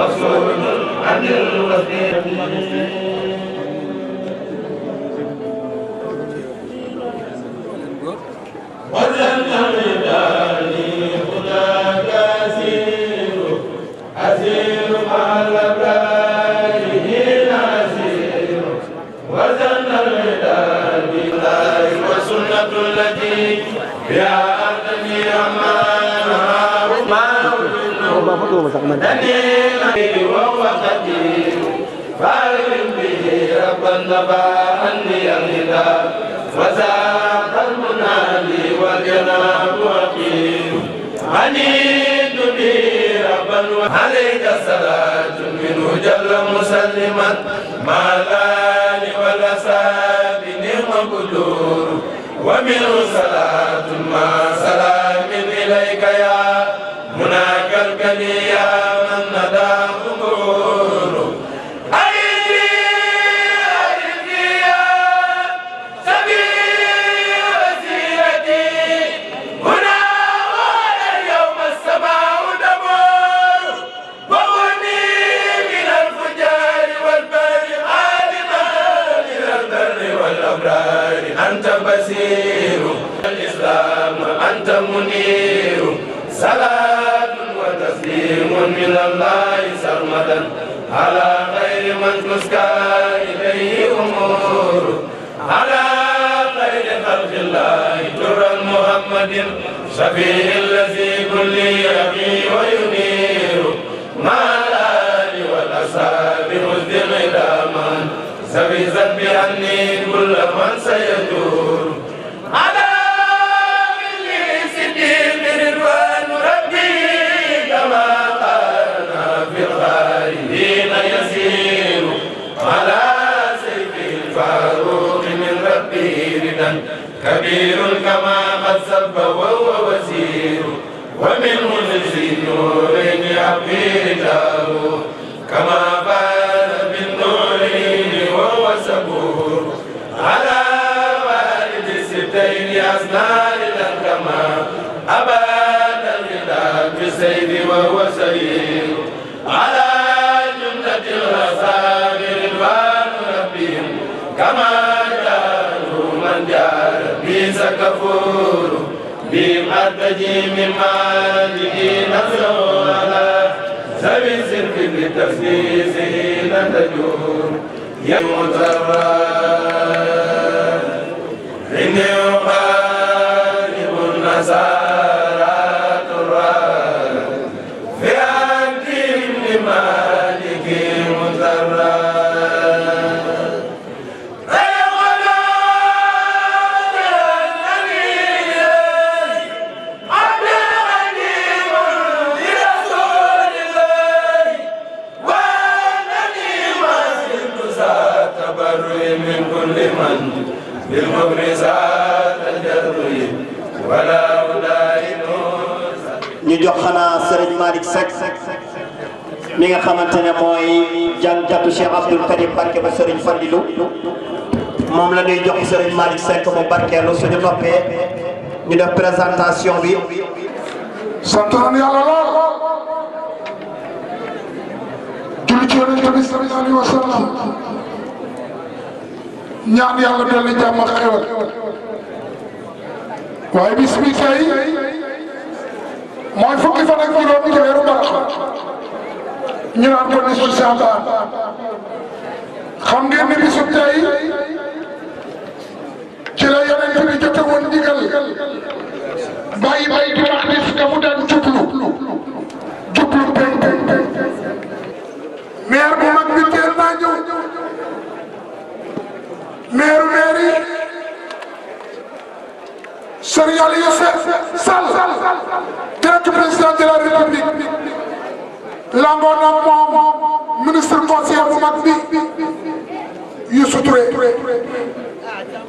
وصول عن الوثيق النبا أني الهدى وزاق المنادي والجناب وقيم عنيد لي ربا عليك الصلاة منه جل مسلما مع الآل والأصحاب نعم بدور ومنه صلاة مع صلاة محمد شفيع الذي كل يبي وينير مع الآل والأصحاب مزد غلاما زبزت بأني كل من سيدور على كل سدي برضوان ربي كما قالنا في الخالدين يسير على سيف الفاروق من ربه ردا كبير كما قد سب وهو وزير منزل نجري النورين عبيده كما بال بالنورين وهو سبور على والد الستين أسنان الكما ابات الغداء بالسيد وهو سير على جملة الرسائل الوان ربهم كما جاءوا من جاء بيس كفور بيم أرتجي من مالك نفسه على سبي سلك للتفنيس لا تجور يا مترى mi nga xamante ne mooy jàngatu Cheikh Abdoul Karim barke ba Serigne Fallilou moom la ñuy jox Serigne Malick Seck mu barkeelu suñu noppee ñu def présentation bi. santoon yàlla lool. julli ci yonent bi sallallahu alayhi wa sallam ñaan yàlla dolli jàmm ak xewal waaye bis bi tey mooy fukki fan ak juróom ci weeru baraxam ñu naan ko nisu Saabaan xam ngeen ne bisu tey ci la yonent bi jote woon ndigal bàyyi bàyyi di wax ni ka mu daan jublu langoo na moom ministre conseiller bu mag bi Youssou Touré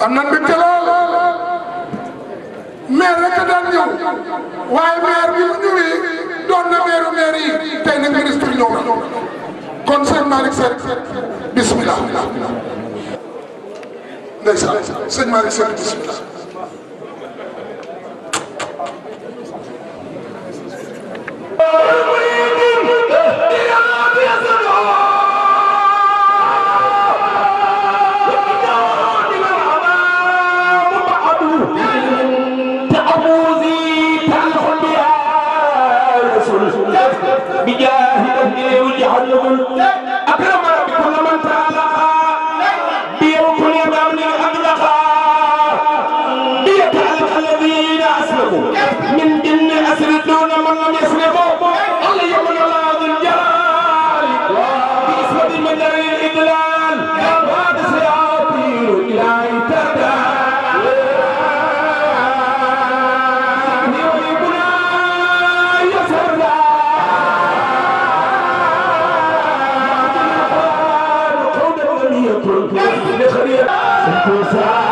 am na mbégte maire rek daan ñëw waaye maire bi mu ñëwee doon na maire maire yi tey nag ministre na kon sëñ bismillah ndeysaan sëñ Malick Seck bismillah Oh, আপনারা acusar.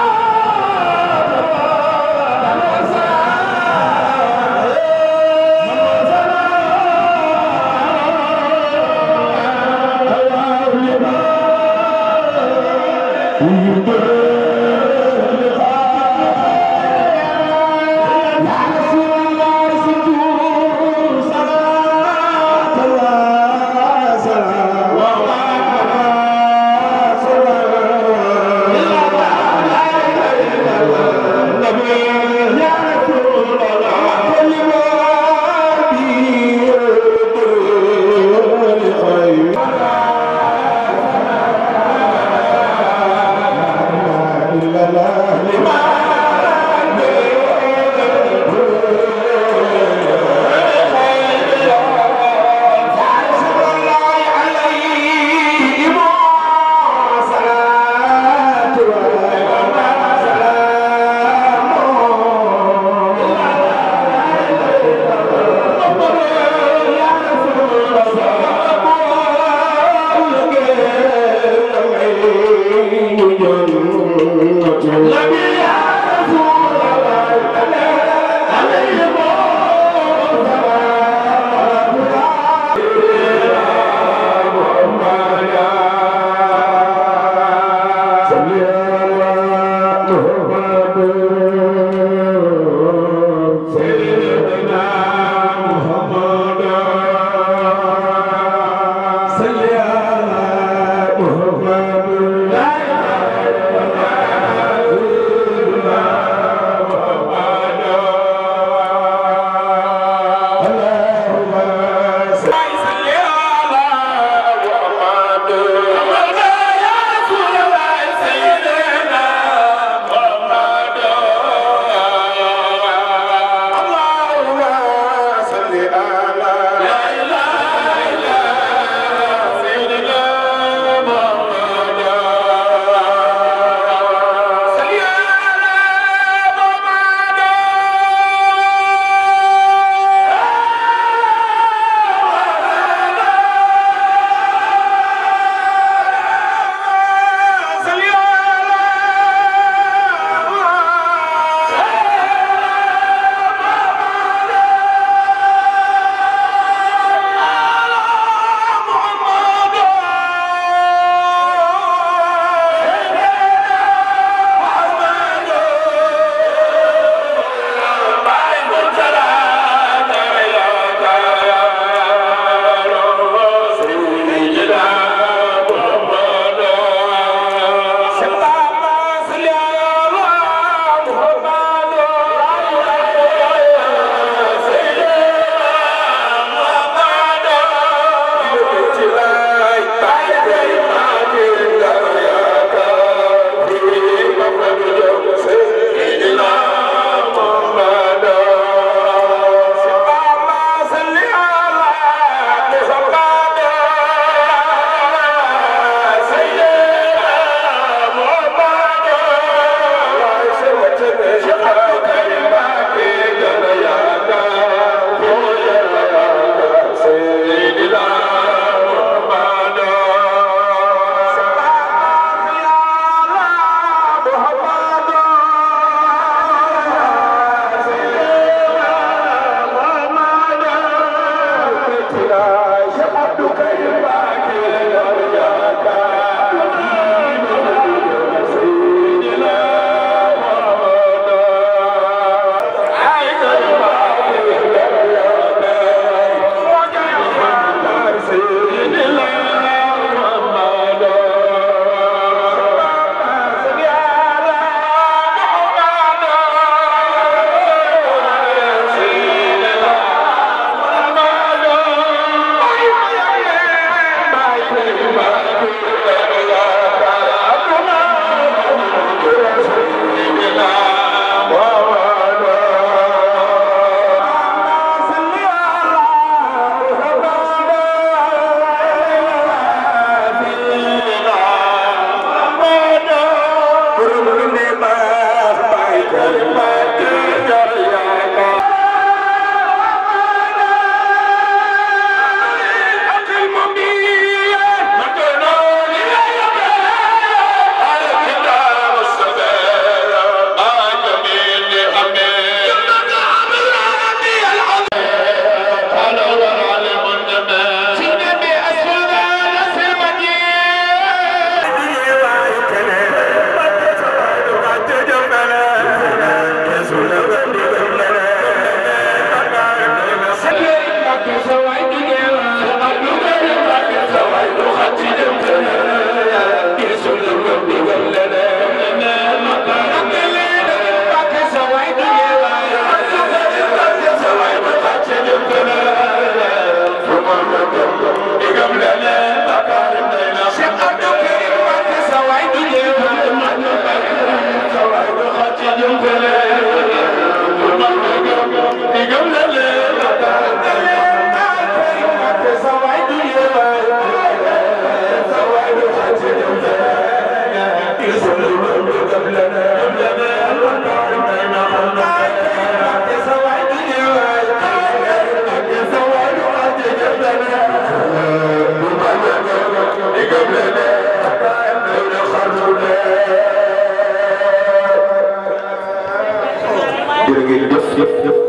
liggéey bi yëpp yëpp yëpp.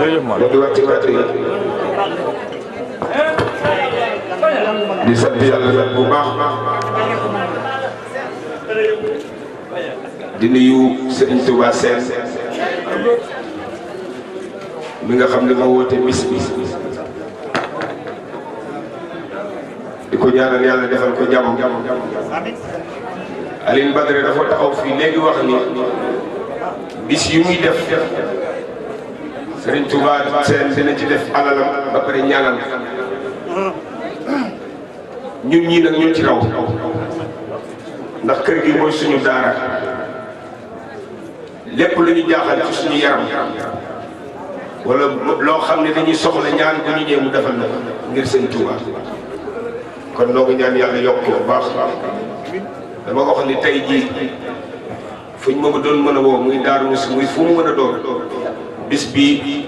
ñu ngi wàcc kàddu yi. di sant yàlla bu baax di nuyu Serigne Touba Sène mi nga xam ne ma woote bis bi di ko ñaanal yàlla defal ko jàmm Alioune Badara dafa taxaw fii léegi wax ni. bis yi muy def Serigne Touba seen dina ci def alalam ba pare ñaanal ñun ñii nag ñoo ci raw ndax kër gi mooy suñu daara lépp lu ñu jaaxal ci suñu yaram wala loo xam ne dañuy soxla ñaan bu ñu ñëw mu defal na ngir seen Touba kon noo ñaan yàlla yokk bu baax dama ko wax ni tey jii. fuñ ma ko doon mën a woo muy daaru mus muy fu mu mën a doon bis bii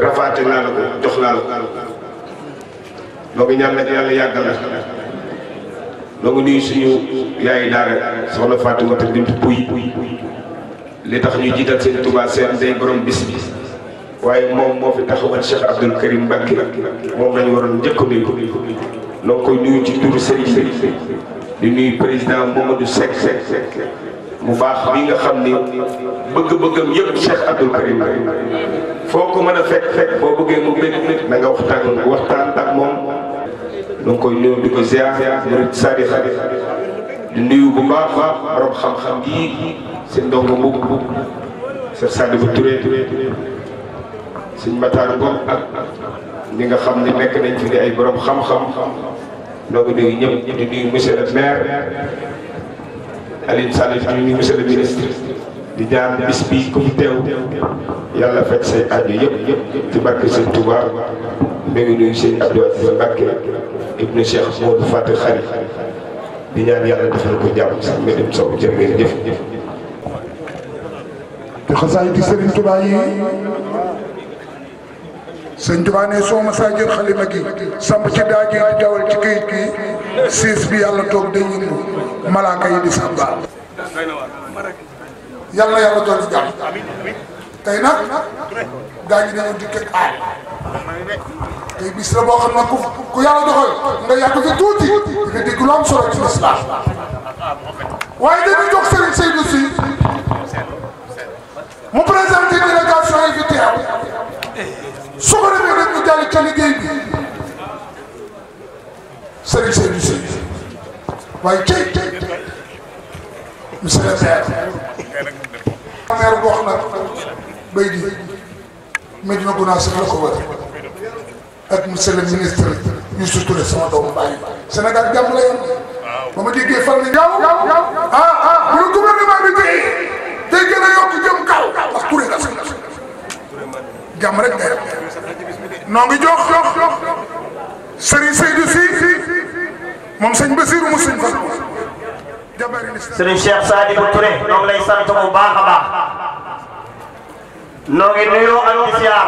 rafaate naa la ko jox naa la ko loo ngi ñaan nag yàlla yàggal la loo ngi nuyu suñu yaayu daara soxna Faatumata bint Puy li tax ñu jiital seen Tuubaa seen day borom bis bi waaye moom moo fi taxawal Cheikh Abdoul Karim Mbacké moom lañu waroon njëkk a nuyu noo koy nuyu ci turu Serigne di nuyu président Mamadou Seck Seck mu baax bi nga xam ni bëgg-bëggam yëpp Cheikh Abdoul Karim foo ko mën a fekk fekk boo bëggee mu bëgg na nanga waxtaan waxtaan ak moom nu ngi koy nuyu di ko ziar murid sadiq di nuyu bu baax baax borom xam-xam yii seen ndongo mbub seen sàddi bu turee suñ mataar bopp ak ñi nga xam ne nekk nañ fi di ay boroom xam-xam noo ngi nuyu di nuyu monsieur le maire Alioune Sall fi ñu monsieur le ministre di ñaan bis bi ku teew yàlla fekk say aajo yëpp ci barke sëñ Touba mi ngi nuyu sëñ Abdou Aziz Mbacke ibnu Cheikh Modou Fatou di ñaan yàlla defal ko jàmm sax nga dem jëf. te xasaay di Serigne Touba yi ne soo ma saa jël xalima gi samp ci daa ji dawal ci këyit gi siis bi yàlla toog day yëngu. malaaka yi di sàmbaal yàlla yàlla doon ci jàmm tey nag gaa ñi dañu dikk ak aar tey bis la boo xam ne ku ku yàlla doxal nga yàgg fi tuuti nga dégg lu am solo ci lislaam waaye dañu jox Serigne Seydou Sy mu présenté délégation yi fi teew su ko defee rek ñu jàll ca liggéey bi Serigne Seydou Sy waaye cey cey monsieur le maire. maire bu wax nag béy di Medina Gounass la ko wër ak monsieur le ministre Youssou Touré sama doomu bàyyi Sénégal jàmm la yoon ba ma déggee fan la yow ah ah lu gouvernement bi tey day gën a yokk jëm kaw ndax Touré nga sax jàmm rek ngay def noo ngi jox jox jox Serigne Seydou si moom sëñ Basirou mu sëñ Fatou serigne cheikh sadibou touré ñom lay sant bu baaxa anu baax no ngi nuyo ak ziar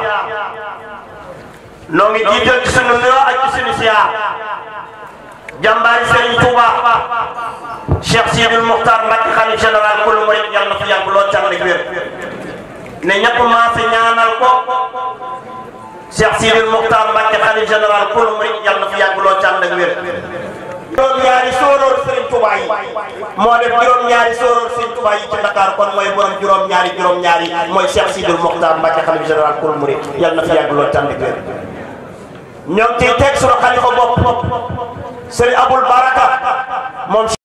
no ngi jital ci sunu nuyo ak ci sunu ziar jambari serigne touba cheikh sidil mukhtar mbacke khalif général kul rek yalla fi yag lo tan rek wer ne ñepp ma fi ñaanal ko cheikh sidil mukhtar mbacke khalif général kul rek yalla fi yag lo tan rek wer juróom-ñaari sóoróor Serigne Touba yi moo def juróom-ñaari sóoróor Serigne Touba yi ci Dakar kon mooy borom juróom-ñaari juróom-ñaari mooy Cheikh Sidil Mokhtar Mbacke xalifa général kul murid yàlla na fi yàgg lool tànn ñoom ciy teg sunu xalifa bopp Serigne Baraka